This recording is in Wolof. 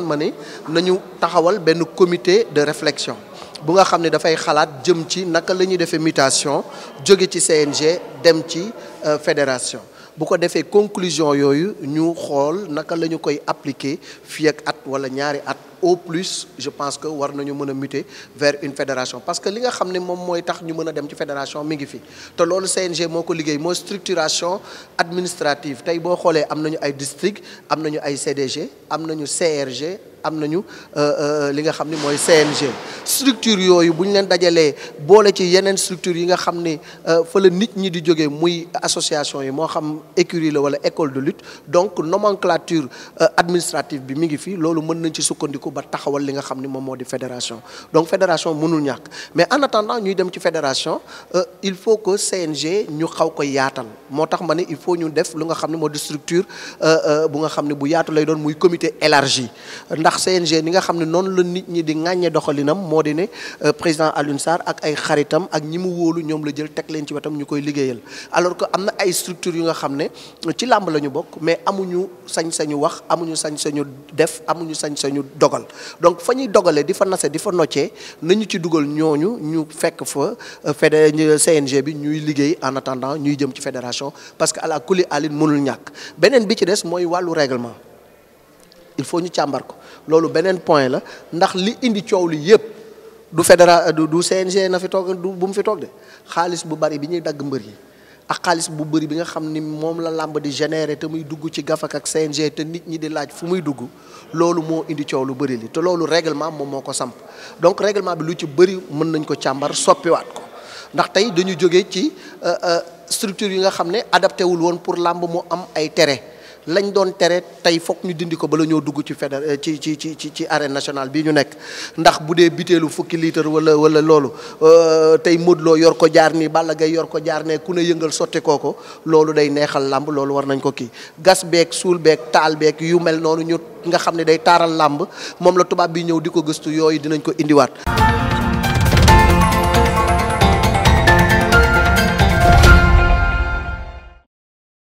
man ma nañu taxawal benn comité de réflexion bu nga xamné da fay xalat jëm ci naka la défé mutation jóge ci CNG dem ci euh, fédération bu ko défé conclusion yoyu ñu xol naka lañu koy appliquer fi ak at wala ñaari at au plus je pense que war nañu mën muter vers une fédération parce que li nga xam ne moom mooy tax ñu mën dem ci fédération mi ngi fi te loolu CNG moo ko liggéey structuration administrative tey boo xoolee am ay district am nañu ay CDG am nañu CRG am nañu euh, euh, li nga xam ne CNG structure yoyu bu ñu leen dajalee boole ci yenen structure yi nga xamné ne euh, fa la nit ñi di joggé muy association yi mo xam écurie la wala école de lutte donc nomenclature administrative bi mi ngi fi lolu mën nañ ci sukkandiku ba taxawal li nga xam ni moom moo di fédération donc fédération mënul ñàkk mais en attendant ñuy dem ci fédération euh, il faut que CNG ñu xaw ko yaatal moo tax ma ne il faut ñu def lu nga xam ne moo di structure euh, euh, bu nga xam ne bu yaatu lay doon muy comité élargi ndax CNG ni nga xam ne noonu la nit ñi di ŋàññee doxalinam moo di ne président Alioune Sarr ak ay xaritam ak ñi mu wóolu ñoom la jël teg leen ci wetam ñu koy liggéeyal alors que am na ay structures yu nga xam ne ci làmb la ñu bokk mais amuñu sañ-sañu wax amuñu sañ-sañu def amuñu sañ-sañu dogal donc fa ñuy dogalee di fa nase di fa noccee nañu ci dugal ñooñu ñu fekk fa euh, fédé CNG bi ñuy liggéey en attendant ñuy jëm ci fédération parce que à la kuli mënul ñàkk beneen bi ci des mooy wàllu règlement il faut ñu càmbar ko loolu beneen point la ndax li indi coow li yëpp du fédéra du CNG na fi toog du bu mu fi toog de xaalis bu bari bi ñuy dagg mbër yi xaalis bu bëri bi nga xam ni moom la làmb di générer te muy dugg ci gafak ak CNG te nit ñi di laaj fu muy dugg loolu moo indi coow lu bëri li te loolu réglement moom moo ko samp donc réglement bi lu ci bëri mën nañ ko càmbar soppiwaat ko ndax tey dañu jóge ci euh, euh, structure yi nga xam ne adapté wul woon pour làmb mu am ay tere. lañ doon tere tey foog ñu dindi ko bala ñoo dugg ci fédér euh, ci ci ci ci ci arène nationale bii ñu nekk ndax bu dee biteelu fukki litre wala wala loolu euh, tey Modou loo yor ko jaar nii Balla Gaye yor ko jaar ne ku ne yëngal sotti kooko loolu day neexal làmb loolu war nañ ko kii gas beeg suul beeg taal beeg yu mel noonu ñu nga xam ne day taaral làmb moom la tubaab bi ñëw di ko gëstu yooyu dinañ ko indiwaat